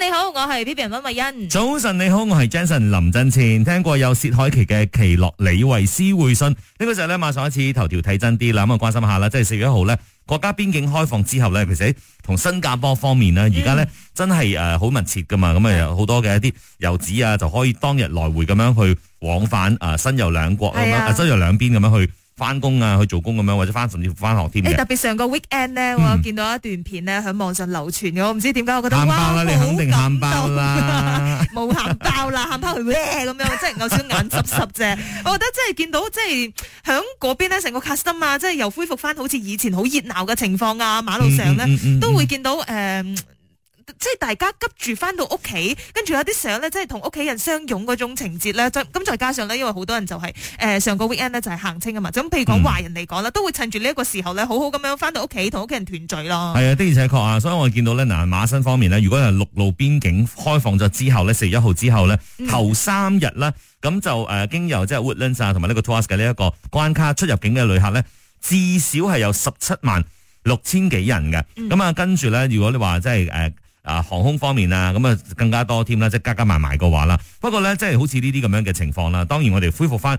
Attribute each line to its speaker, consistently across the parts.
Speaker 1: 你
Speaker 2: 好，我係 P B 人溫慧欣。早晨，你好，我係 Jensen 林振前。聽過有薛凱琪嘅《奇洛李維斯回信》呢、這個時候咧，馬上一次頭條睇真啲啦，咁啊關心下啦。即係四月一號咧，國家邊境開放之後咧，其實同新加坡方面咧，而家咧真係誒好密切噶嘛。咁、嗯、啊有好多嘅一啲遊子啊，就可以當日來回咁樣去往返啊新游兩國咁樣啊，新游兩邊咁樣去。翻工啊，去做工咁樣，或者翻甚至翻學添嘅、欸。特
Speaker 1: 別上個 weekend 咧，我見到一段片咧喺網上流傳嘅、嗯，我唔知點解，我覺得喊爆啦，你感動肯定喊爆啦，冇 喊爆啦， 喊爆佢咩咁樣，即係有少少眼濕濕啫。我覺得即係見到即係喺嗰邊咧，成個 custom 啊，即係又恢復翻好似以前好熱鬧嘅情況啊，馬路上咧、嗯嗯嗯、都會見到誒。嗯嗯即係大家急住翻到屋企，跟住有啲相咧，即係同屋企人相擁嗰種情節咧，咁再加上咧，因為好多人就係、是、誒、呃、上個 weekend 咧就係行清啊嘛，咁譬如講華、嗯、人嚟講啦，都會趁住呢一個時候咧，好好咁樣翻到屋企同屋企人團聚咯。係
Speaker 2: 啊，的而且確啊，所以我見到咧嗱，馬新方面呢，如果係陸路邊境開放咗之後呢，四月一號之後呢，頭三日啦，咁、嗯、就誒經由即係 Woodlands 同埋呢個 Tuas 嘅呢一個關卡出入境嘅旅客呢，至少係有十七萬六千幾人嘅，咁啊跟住咧，如果你話即係誒。呃。啊，航空方面啊，咁啊更加多添啦，即係加加埋埋嘅話啦。不過咧，即係好似呢啲咁樣嘅情況啦。當然我哋恢復翻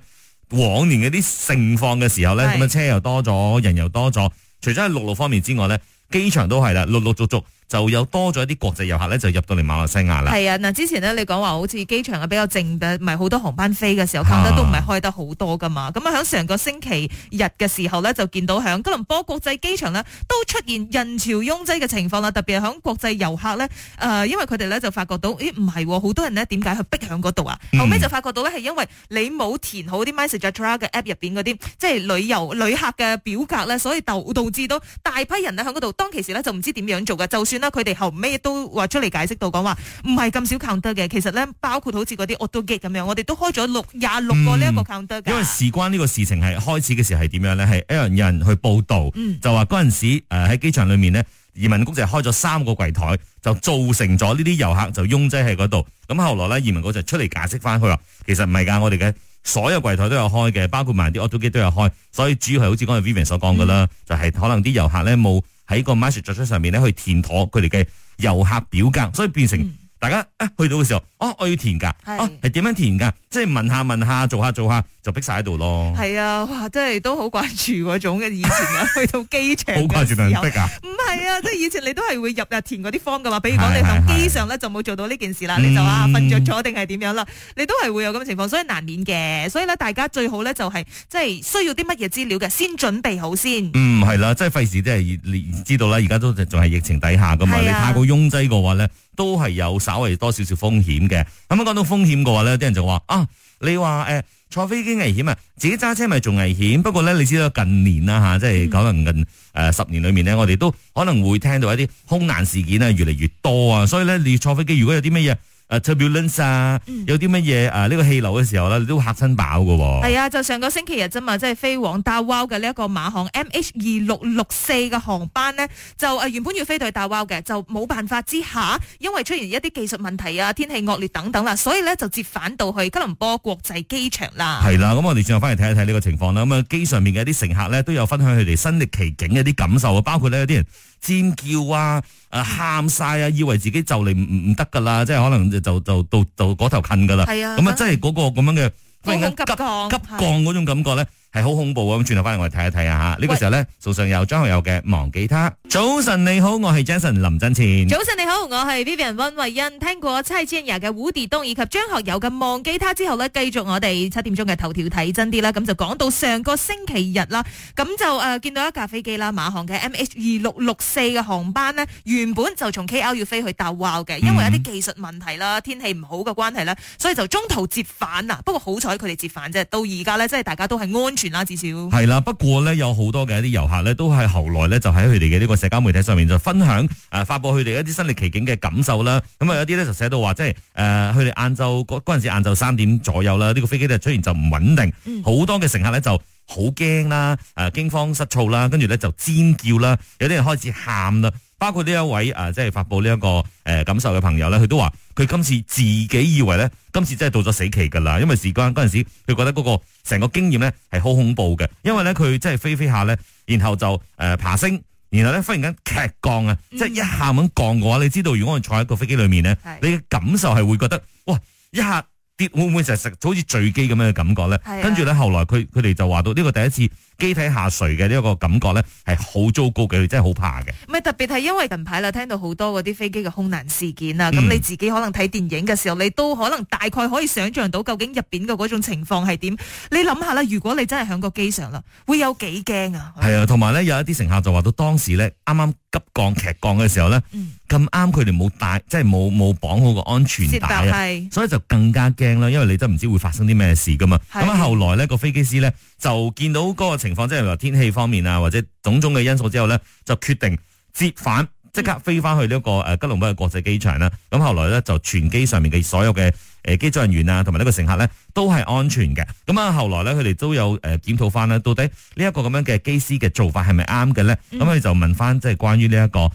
Speaker 2: 往年嗰啲盛況嘅時候咧，咁啊車又多咗，人又多咗。除咗喺陸路方面之外咧，機場都係啦，陸陸續續。就有多咗一啲國際遊客咧，就入到嚟馬來西亞啦。係
Speaker 1: 啊，嗱，之前呢，你講話好似機場啊比較靜嘅，唔係好多航班飛嘅時候，客都都唔係開得好多噶嘛。咁啊，喺上個星期日嘅時候咧，就見到喺吉隆坡國際機場呢，都出現人潮擁擠嘅情況啦。特別係喺國際遊客咧，誒、呃，因為佢哋咧就發覺到，咦，唔係、啊，好多人呢點解去逼響嗰度啊？嗯、後尾就發覺到呢，係因為你冇填好啲 MySejahtera 嘅 app 入邊嗰啲，即係旅遊旅客嘅表格咧，所以導致到大批人咧喺嗰度，當其時就唔知點樣做噶，就算。啦，佢哋後尾都話出嚟解釋到講話，唔係咁少 counter 嘅。其實咧，包括好似嗰啲 auto gate 咁樣，我哋都開咗六廿六個呢一個 counter、嗯、因為
Speaker 2: 事關呢個事情係開始嘅時候係點樣呢？係一有，有人去報道、嗯，就話嗰陣時喺、呃、機場裏面呢，移民局就開咗三個櫃台就造成咗呢啲遊客就擁擠喺嗰度。咁後來呢，移民局就出嚟解釋翻，佢話其實唔係㗎，我哋嘅所有櫃枱都有開嘅，包括埋啲 auto gate 都有開。所以主要係好似今日 Vivian 所講㗎啦，就係、是、可能啲遊客呢冇。在喺個 message 做出上面咧，去填妥佢哋嘅遊客表格，所以變成、嗯、大家去到嘅時候，哦，我要填噶，哦，係點樣填噶，即係問下問下做下做下做下。就逼晒喺度咯，
Speaker 1: 係啊，哇！真係都好掛住嗰種嘅以前啊，去到機場好掛住，咪 逼啊！唔係啊，即係以前你都係會入入填嗰啲方噶嘛， 比如講你喺機上咧就冇做到呢件事啦，是是是你就啊瞓、嗯、着咗定係點樣啦，你都係會有咁嘅情況，所以難免嘅。所以咧，大家最好咧就係即係需要啲乜嘢資料嘅，先準備好先。
Speaker 2: 嗯，係啦，即係費事，即係你知道啦，而家都仲係疫情底下噶嘛，你太過擁擠嘅話咧，都係有稍為多少少風險嘅。咁樣講到風險嘅話咧，啲人就話啊，你話誒。呃坐飛機危險啊，自己揸車咪仲危險。不過咧，你知道近年啦嚇，即係可能近十年裏面咧，我哋都可能會聽到一啲空難事件啊，越嚟越多啊。所以咧，你坐飛機如果有啲乜嘢 turbulence 啊，有啲乜嘢誒？呢、啊啊啊啊啊這個氣流嘅時候你、嗯、都吓親飽喎。係
Speaker 1: 啊，就上個星期日啫嘛，即係飛往達沃嘅呢一個馬航 MH 二六六四嘅航班呢，就誒原本要飛到去達沃嘅，就冇辦法之下，因為出現一啲技術問題啊、天氣惡劣等等啦，所以呢，就折返到去吉隆坡國際機場啦、嗯。係
Speaker 2: 啦、啊，咁我哋轉頭翻嚟睇一睇呢個情況啦。咁啊，機上面嘅一啲乘客呢，都有分享佢哋身歷其境嘅啲感受啊，包括呢一啲。尖叫啊！啊喊晒啊！以為自己就嚟唔唔得噶啦，即係可能就就到到嗰頭近噶啦。係啊，咁啊，即係嗰個咁樣嘅急急降嗰種感覺咧。係好恐怖啊！咁轉頭翻嚟，我哋睇一睇啊吓，呢、呢個時候呢，早上有張學友嘅忘記他。早晨你好，我係 Jason 林振前。早
Speaker 1: 晨你好，我係 Vivian 溫慧欣。聽過七子兒嘅胡蝶東以及張學友嘅忘記他之後呢，繼續我哋七點鐘嘅頭條睇真啲啦。咁就講到上個星期日啦，咁就誒、呃、見到一架飛機啦，馬航嘅 M H 二六六四嘅航班呢，原本就從 K L 要飛去斗澳嘅，因為有啲技術問題啦、天氣唔好嘅關係啦，所以就中途折返啦。不過好彩佢哋折返啫，到而家呢，即係大家都係安全。至少係
Speaker 2: 啦。不過咧，有好多嘅一啲遊客咧，都係後來咧，就喺佢哋嘅呢個社交媒體上面就分享誒，發佈佢哋一啲身歷其境嘅感受啦。咁啊，有啲咧就寫到話，即係誒，佢哋晏晝嗰嗰陣時，晏晝三點左右啦，呢、這個飛機咧出現就唔穩定，好、嗯、多嘅乘客咧就好驚啦，誒，驚慌失措啦，跟住咧就尖叫啦，有啲人開始喊啦。包括呢一位啊、呃，即係發布呢、這、一個誒、呃、感受嘅朋友咧，佢都話佢今次自己以為咧，今次真係到咗死期噶啦，因為事關嗰陣時，佢覺得嗰、那個成個經驗咧係好恐怖嘅，因為咧佢真係飛飛下咧，然後就誒、呃、爬升，然後咧忽然間劇降啊、嗯，即係一下咁降嘅話，你知道如果我哋坐喺個飛機裏面咧，你嘅感受係會覺得哇一下跌，會唔會就實好似墜機咁樣嘅感覺咧？跟住咧後來佢佢哋就話到呢個第一次。機體下垂嘅呢一個感覺咧，係好糟糕嘅，真係好怕嘅。
Speaker 1: 唔係特別係因為近排啦，聽到好多嗰啲飛機嘅空難事件啊，咁、嗯、你自己可能睇電影嘅時候，你都可能大概可以想象到究竟入邊嘅嗰種情況係點。你諗下啦，如果你真係響個機上啦，會有幾驚
Speaker 2: 啊？係啊，同埋咧有一啲乘客就話到當時咧，啱啱急降劇降嘅時候咧，咁啱佢哋冇帶，即係冇冇綁好個安全帶啊，所以就更加驚啦。因為你真唔知會發生啲咩事噶嘛。咁後來呢個飛機師咧。就見到嗰個情況，即係話天氣方面啊，或者種種嘅因素之後咧，就決定折返，即刻飛翻去呢個誒吉隆坡嘅國際機場啦。咁後來咧就全機上面嘅所有嘅誒機組人員啊，同埋呢個乘客咧都係安全嘅。咁啊，後來咧佢哋都有誒檢討翻啦，到底呢一個咁樣嘅機師嘅做法係咪啱嘅咧？咁、mm-hmm. 佢就問翻即係關於呢一個誒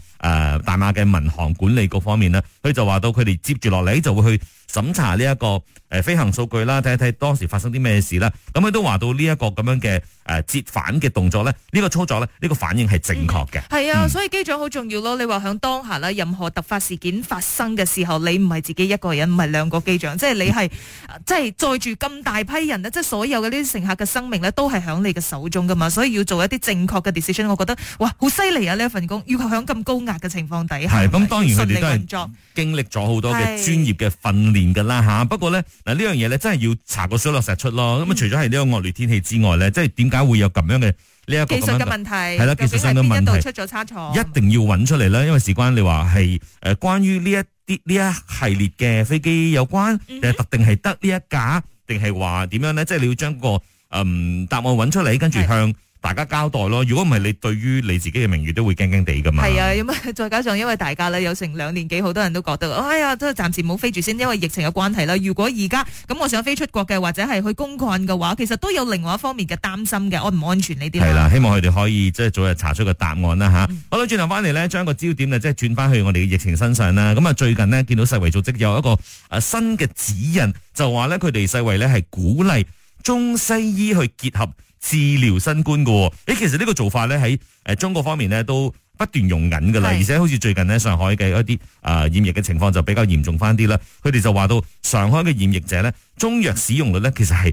Speaker 2: 大馬嘅民航管理局方面啦。佢就話到佢哋接住落嚟就會去。審查呢一個誒飛行數據啦，睇一睇當時發生啲咩事啦。咁佢都話到呢一個咁樣嘅誒折返嘅動作呢，呢、呢個操作呢，呢、呢個反應係正確嘅。係、嗯、啊、嗯，
Speaker 1: 所以機長好重要咯。你話響當下啦，任何突發事件發生嘅時候，你唔係自己一個人，唔係兩個機長，即、就、係、是、你係即係載住咁大批人即係 所有嘅呢啲乘客嘅生命呢，都係喺你嘅手中噶嘛。所以要做一啲正確嘅 decision，我覺得哇，好犀利啊！呢一份工要喺咁高壓嘅情況底下，係、嗯、咁當然佢哋都
Speaker 2: 係經歷咗好多嘅專業嘅訓練。嘅啦吓，不過咧，嗱呢樣嘢咧真係要查個水落石出咯。咁、嗯、啊除咗係呢個惡劣天氣之外咧，即係點解會有咁樣嘅呢一個技術
Speaker 1: 嘅問題，技術上嘅問題出咗差錯，一
Speaker 2: 定要揾出嚟啦。因為事關你話係誒關於呢一啲呢一系列嘅飛機有關嘅、嗯、特定係得呢一架，定係話點樣咧？即、就、係、是、你要將、個嗯、呃、答案揾出嚟，跟住向大家交代咯，如果唔係，你對於你自己嘅名譽都會驚驚地噶嘛？係
Speaker 1: 啊，咁再加上因為大家咧有成兩年幾，好多人都覺得，哎呀，都係暫時冇飛住先，因為疫情嘅關係啦。如果而家咁我想飛出國嘅，或者係去公幹嘅話，其實都有另外一方面嘅擔心嘅，安唔安全呢啲？係啦、啊，
Speaker 2: 希望佢哋可以即係早日查出個答案啦吓、嗯。好啦，轉頭翻嚟呢，將個焦點呢，即係轉翻去我哋嘅疫情身上啦。咁啊，最近呢，見到世衛組織有一個誒新嘅指引，就話呢，佢哋世衛呢係鼓勵中西醫去結合。治療新冠嘅。誒其實呢個做法咧喺誒中國方面咧都不斷用緊嘅啦。而且好似最近咧上海嘅一啲啊、呃、染疫嘅情況就比較嚴重翻啲啦，佢哋就話到上海嘅染疫者咧，中藥使用率咧，其實係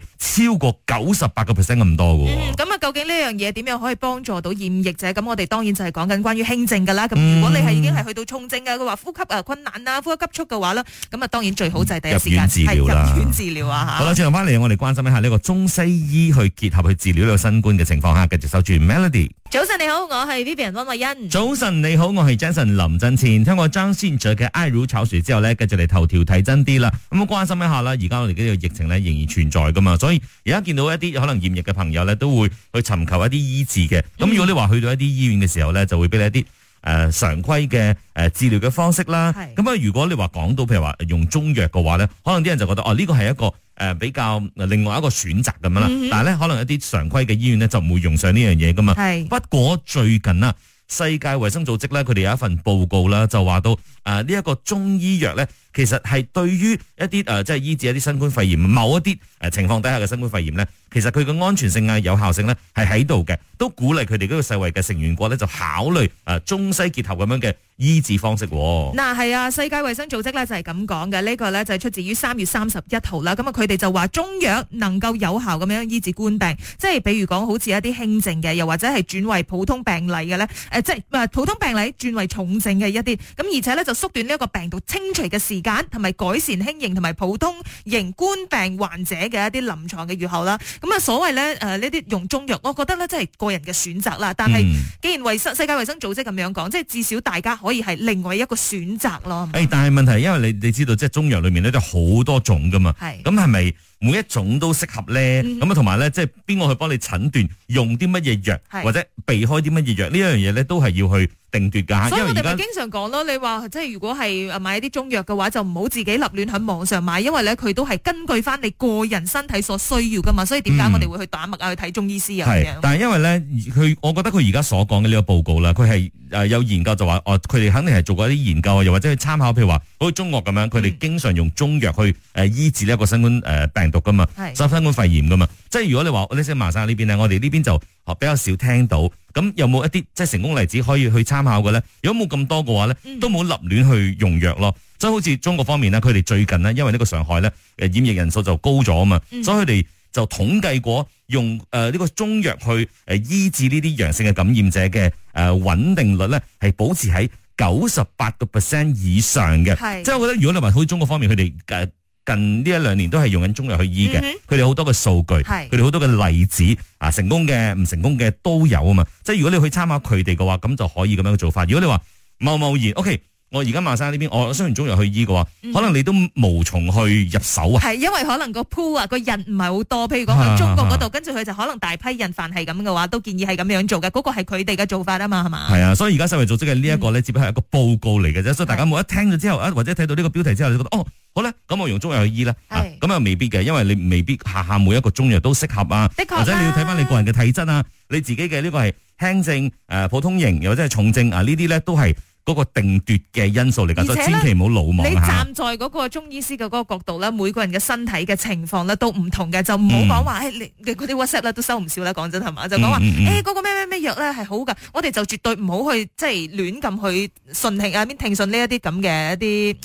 Speaker 2: 超過九十八個 percent 咁多噶。
Speaker 1: 咁、嗯、啊，究竟呢樣嘢點樣可以幫助到染疫者？咁我哋當然就係講緊關於輕症噶啦。咁如果你係已經係去到重症啊，佢、嗯、話呼吸啊困難啊，呼吸急促嘅話咧，咁啊，當然最好就係第一時間入院治療啦。入院治療啊，吓好
Speaker 2: 啦，轉頭翻嚟我哋關心一下呢個中西醫去結合去治療呢個新冠嘅情況下，繼、啊、續守住 Melody。
Speaker 1: 早晨你好，我係 Vivian 溫慧欣。
Speaker 2: 早晨你好，我係 Jason 林振前。聽過張信哲嘅《愛如潮水》之後呢，繼續嚟頭條睇真啲啦。咁啊、嗯，關心一下啦，而家我哋疫情咧仍然存在㗎嘛，所以而家見到一啲可能染疫嘅朋友咧，都會去尋求一啲醫治嘅。咁、嗯、如果你話去到一啲醫院嘅時候咧，就會畀你一啲誒、呃、常規嘅誒、呃、治療嘅方式啦。咁啊，如果你話講到譬如話用中藥嘅話咧，可能啲人就覺得哦，呢個係一個誒、呃、比較另外一個選擇咁樣啦。但係咧可能一啲常規嘅醫院咧就唔會用上呢樣嘢㗎嘛。係不過最近啊，世界衛生組織咧佢哋有一份報告啦，就話到誒呢一個中醫藥咧。其實係對於一啲誒，即係醫治一啲新冠肺炎某一啲誒情況底下嘅新冠肺炎呢，其實佢嘅安全性啊、有效性呢係喺度嘅，都鼓勵佢哋嗰個世衛嘅成員國呢，就考慮誒中西結合咁樣嘅醫治方式。
Speaker 1: 嗱係啊，世界衛生組織呢就係咁講嘅，呢個呢就係出自於三月三十一號啦。咁啊，佢哋就話中藥能夠有效咁樣醫治冠病，即係比如講好似一啲輕症嘅，又或者係轉為普通病例嘅呢。誒，即係普通病例轉為重症嘅一啲，咁而且呢就縮短呢一個病毒清除嘅時。時間同埋改善輕型同埋普通型冠病患者嘅一啲臨床嘅預後啦，咁啊所謂咧誒，呢啲用中藥，我覺得咧真係個人嘅選擇啦。但係既然衛生世界衛生組織咁樣講，即係至少大家可以係另外一個選擇咯。
Speaker 2: 誒、嗯，但係問題係因為你你知道即係中藥裏面咧就好多種噶嘛，咁係咪？每一種都適合咧，咁、嗯、啊，同埋咧，即係邊個去幫你診斷，用啲乜嘢藥，或者避開啲乜嘢藥，呢樣嘢咧，都係要去定奪噶。所以我哋咪經
Speaker 1: 常講咯，你話即係如果係買一啲中藥嘅話，就唔好自己立亂喺網上買，因為咧佢都係根據翻你個人身體所需要噶嘛。所以點解我哋會去打脈啊、嗯，去睇中醫師啊咁樣？
Speaker 2: 但係因為咧，佢我覺得佢而家所講嘅呢個報告啦，佢係誒有研究就話，哦，佢哋肯定係做過一啲研究啊，又或者去參考，譬如話好似中國咁樣，佢哋經常用中藥去誒醫治呢一個新冠誒病。毒噶嘛，新冠肺炎噶嘛，即係如果你話我哋喺麻省呢邊咧，我哋呢邊就比較少聽到，咁有冇一啲即係成功例子可以去參考嘅咧？如果冇咁多嘅話咧、嗯，都冇立亂去用藥咯。即係好似中國方面咧，佢哋最近呢，因為呢個上海咧，誒，染疫人數就高咗啊嘛，所以佢哋就統計過用誒呢個中藥去誒醫治呢啲陽性嘅感染者嘅誒穩定率咧，係保持喺九十八個 percent 以上嘅。即係我覺得如果你話好似中國方面，佢哋誒。近呢一兩年都係用緊中藥去醫嘅，佢哋好多嘅數據，佢哋好多嘅例子啊，成功嘅、唔成功嘅都有啊嘛。即係如果你去參考佢哋嘅話，咁就可以咁樣嘅做法。如果你話貿貿然，OK，我而家馬生呢邊，我雖然中藥去醫嘅話，嗯，可能你都無從去入手啊。係因
Speaker 1: 為可能個 pool 啊，個人唔係好多。譬如講去中國嗰度，跟住佢就可能大批人凡係咁嘅話，都建議係咁樣做嘅。嗰、嗰個係佢哋嘅做法啊嘛，係
Speaker 2: 嘛？係啊，所以而家世衛組織嘅呢一個咧，只不過係一個報告嚟嘅啫。所以大家冇一聽咗之後啊，或者睇到呢個標題之後，你覺得哦。好啦，咁我用中藥去醫啦，咁啊也未必嘅，因為你未必下下每一個中藥都適合啊，啊，或者你要睇返你個人嘅體質啊，你自己嘅呢個係輕症誒、呃、普通型，又或者係重症啊，這些呢啲呢都係。嗰個定奪嘅因素嚟講，千祈唔好魯莽嚇。你站
Speaker 1: 在嗰個中醫師嘅嗰個角度咧，每個人嘅身體嘅情況咧都唔同嘅，就唔好講話誒，你嘅嗰啲 WhatsApp 咧都收唔少咧，講真係嘛，就講話誒嗰個咩咩咩藥咧係好嘅，我哋就絕對唔好去即係亂咁去信聽啊邊聽信呢一啲咁嘅一啲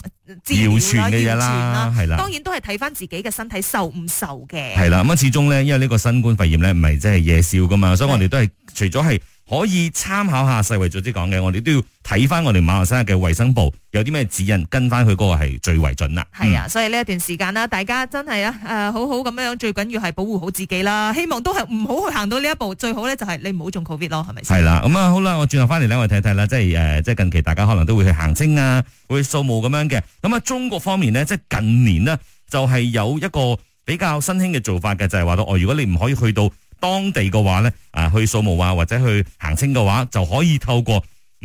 Speaker 1: 謠傳嘅嘢啦，係啦，當然都係睇翻自己嘅身體受唔受嘅。係啦，
Speaker 2: 咁啊，始終咧，因為呢個新冠肺炎咧，唔係即係野少噶嘛，所以我哋都係除咗係。可以參考下世衛組織講嘅，我哋都要睇翻我哋馬來西亞嘅衛生部有啲咩指引，跟翻佢嗰個係最為準啦。係啊、嗯，所
Speaker 1: 以呢一段時間啦，大家真係啊誒，好好咁樣，最緊要係保護好自己啦。希望都係唔好去行到呢一步，最好咧就係你唔好中 covid 咯，係咪
Speaker 2: 先？係啦、啊，咁、嗯、啊好啦，我轉頭翻嚟兩位睇睇啦，即係誒、呃，即係近期大家可能都會去行清啊，會去掃墓咁樣嘅。咁、嗯、啊，中國方面呢，即係近年呢，就係、是、有一個比較新興嘅做法嘅，就係話到，哦，如果你唔可以去到。當地嘅話咧，啊去掃墓啊或者去行清嘅話，就可以透過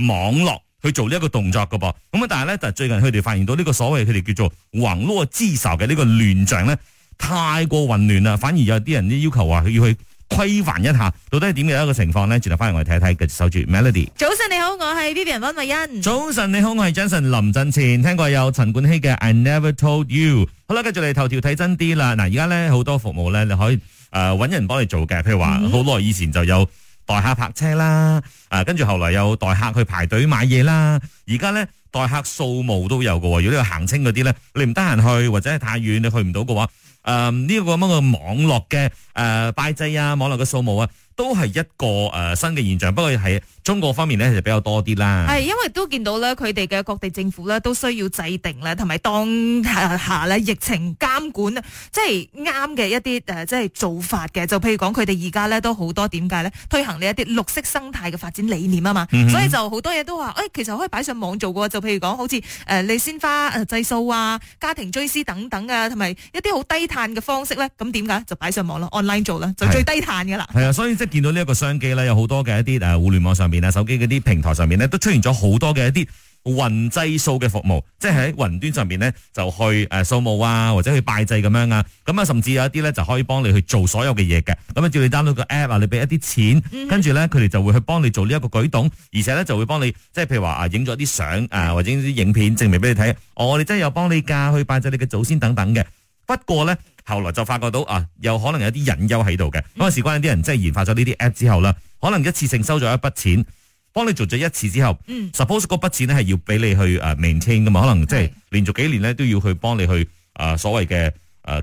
Speaker 2: 網絡去做呢一個動作㗎噃。咁啊，但係咧就最近佢哋發現到呢個所謂佢哋叫做橫攞之仇嘅呢個亂象咧，太過混亂啦，反而有啲人啲要求話佢要去。規範一下，到底係點嘅一個情況咧？轉頭翻嚟我哋睇一睇，繼續守住 Melody。早晨你好，我係 B B 人溫慧欣。早晨你好，我係 j u s o n 林振前。聽過有陳冠希嘅 I Never Told You。好啦，繼續嚟頭條睇真啲啦。嗱，而家咧好多服務咧，你可以誒搵，呃、人幫你做嘅，譬如話好耐以前就有代客泊車啦，啊，跟住後來有代客去排隊買嘢啦。而家咧代客掃墓都有嘅，如果你要行清嗰啲咧，你唔得閒去或者係太遠你去唔到嘅話。誒呢個乜嘢網絡嘅誒拜祭啊，網絡嘅數目啊。都係一個誒新嘅現象，不過喺中國方面咧就比較多啲啦。係
Speaker 1: 因為都見到咧，佢哋嘅各地政府咧都需要制定啦，同埋當下咧疫情監管，即係啱嘅一啲誒，即係做法嘅。就譬如講，佢哋而家咧都好多點解咧推行呢一啲綠色生態嘅發展理念啊嘛，嗯，所以就好多嘢都話誒、哎，其實可以擺上網做嘅。就譬如講，好似誒你鮮花誒祭掃啊，家庭追思等等啊，同埋一啲好低碳嘅方式咧，咁點解就擺上網咯，online 做啦，就最低碳嘅啦。係
Speaker 2: 啊，所以即見到呢一個商機咧，有好多嘅一啲誒，互聯網上面啊，手機嗰啲平台上面咧，都出現咗好多嘅一啲雲祭掃嘅服務，即係喺雲端上面咧，就去誒掃墓啊，或者去拜祭咁樣啊，咁啊，甚至有一啲咧就可以幫你去做所有嘅嘢嘅，咁啊，叫你 download 個 app 啊，你俾一啲錢，跟住咧，佢哋就會去幫你做呢一個舉動，而且咧就會幫你，即係譬如話啊，影咗啲相啊或者啲影片證明俾你睇，哦、我哋真係有幫你噶，去拜祭你嘅祖先等等嘅。不過咧。後來就發覺到啊，有可能有啲隱憂喺度嘅。嗰陣時，關於啲人即係研發咗呢啲 app 之後啦，可能一次性收咗一筆錢，幫你做咗一次之後、嗯、，suppose 嗰筆錢咧係要俾你去誒 maintain 噶嘛，可能即係連續幾年咧都要去幫你去誒、啊、所謂嘅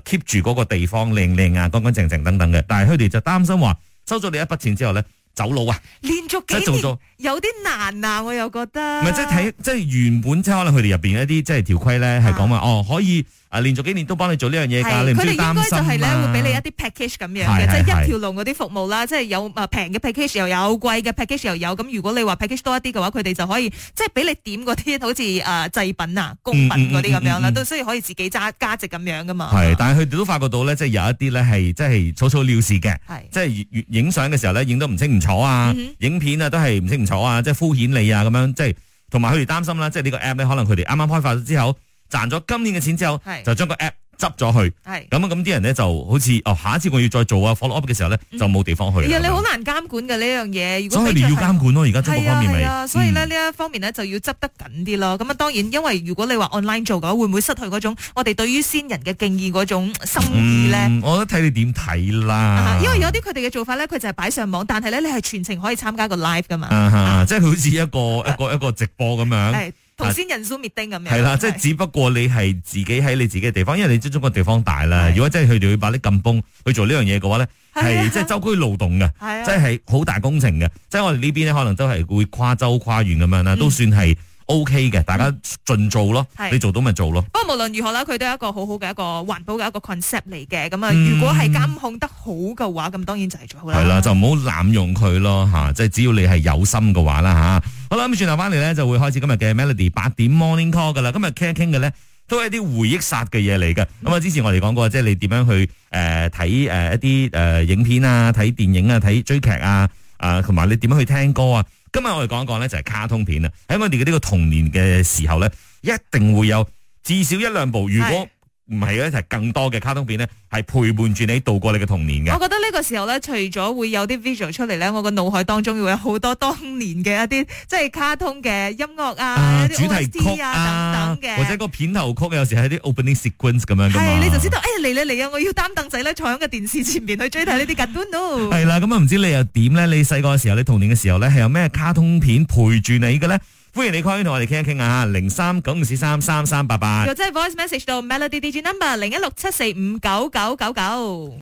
Speaker 2: 誒 keep 住嗰個地方靚靚啊、乾乾淨淨等等嘅。但係佢哋就擔心話，收咗你一筆錢之後咧，走佬啊，連續幾年即做
Speaker 1: 有啲難啊，我又覺得。唔係即係睇，
Speaker 2: 即係原本即係可能佢哋入邊一啲即係條規咧，係講話哦可以。啊，連續幾年都幫你做呢樣嘢噶，佢哋應該就係咧會俾你一啲
Speaker 1: package 咁樣嘅，即係、就是、一條龍嗰啲服務啦，即係有啊平嘅 package 又有貴嘅 package 又有。咁如果你話 package 多一啲嘅話，佢哋就可以即係俾你點嗰啲好似啊祭品啊貢品嗰啲咁樣啦，都所以可以自己揸加值咁樣噶嘛。係，
Speaker 2: 但係佢哋都發覺到咧，即、就、係、是、有一啲咧係即係草草了事嘅，即係影相嘅時候咧影得唔清唔楚啊、嗯，影片啊都係唔清唔楚啊，即係敷衍你啊咁樣，即係同埋佢哋擔心啦，即係呢個 app 咧可能佢哋啱啱開發之後。賺咗今年嘅錢之後，就將個 app 執咗去，咁咁啲人咧就好似哦，下一次我要再做啊，follow up 嘅時候咧、嗯、就冇地方去。哎、嗯、你
Speaker 1: 好難監管嘅呢樣嘢。如果你要監管
Speaker 2: 咯，而家中國方面咪、啊啊，所以咧呢
Speaker 1: 一方面咧就要執得緊啲咯。咁、嗯、啊，當然，因為如果你話 online 做嘅話，會唔會失去嗰種我哋對於先人嘅敬意嗰種心意咧、嗯？
Speaker 2: 我覺得睇你點睇啦、啊。因為有啲
Speaker 1: 佢哋嘅做法咧，佢就係擺上網，但係咧你係全程可以參加個 live 噶嘛，啊
Speaker 2: 啊、即係好似一個、啊、一個一個直播咁樣。頭先
Speaker 1: 人數滅丁咁樣，係、
Speaker 2: 啊、啦，即係只不過你係自己喺你自己嘅地方，因為你知中國地方大啦。如果真係佢哋會把啲禁風去做呢樣嘢嘅話咧，係即係周居勞動嘅，即係好大工程嘅。即係我哋呢邊咧，可能都係會跨州跨縣咁樣啦，都算係、嗯。OK 嘅，大家盡做咯，你做到咪做咯。
Speaker 1: 不過無論如何啦，佢都係一個好好嘅一個環保嘅一個 concept 嚟嘅。咁、嗯、啊，如果係監控得好嘅話，咁當然就係最好啦。係
Speaker 2: 啦，就唔好濫用佢咯吓。即係只要你係有心嘅話啦吓。好啦，咁轉頭翻嚟咧，就會開始今日嘅 Melody 八點 Morning Call 噶啦。今日傾一傾嘅咧，都係一啲回憶殺嘅嘢嚟嘅。咁、嗯、啊，之前我哋講過，即、就、係、是、你點樣去誒睇誒一啲誒影片啊，睇、呃、電影啊，睇追劇啊，劇啊同埋、呃、你點樣去聽歌啊。今日我哋講一講咧，就係卡通片啊，喺我哋嘅呢個童年嘅時候咧，一定會有至少一兩部，如果唔係咧，就係更多嘅卡通片咧，係陪伴住你度過你嘅童年嘅。我
Speaker 1: 覺得呢個時候咧，除咗會有啲 visual 出嚟咧，我個腦海當中會有好多當年嘅一啲，即係卡通嘅音樂啊，啊，啊，主題曲啊等等嘅、啊，或者
Speaker 2: 個片頭曲有時係啲 opening sequence 咁樣嘅。你就知
Speaker 1: 道，哎呀嚟嚟啊！我要擔凳仔咧，坐喺個電視前邊去追睇呢啲卡通咯。係
Speaker 2: 啦，咁啊唔知你又點咧？你細個嘅時候，你童年嘅時候咧，係有咩卡通片陪住你嘅咧？歡迎你談談，康同我哋傾一傾啊！零三九五四三三三八八，或
Speaker 1: 者 voice message 到 melody D J number 零一六七四五九九九九。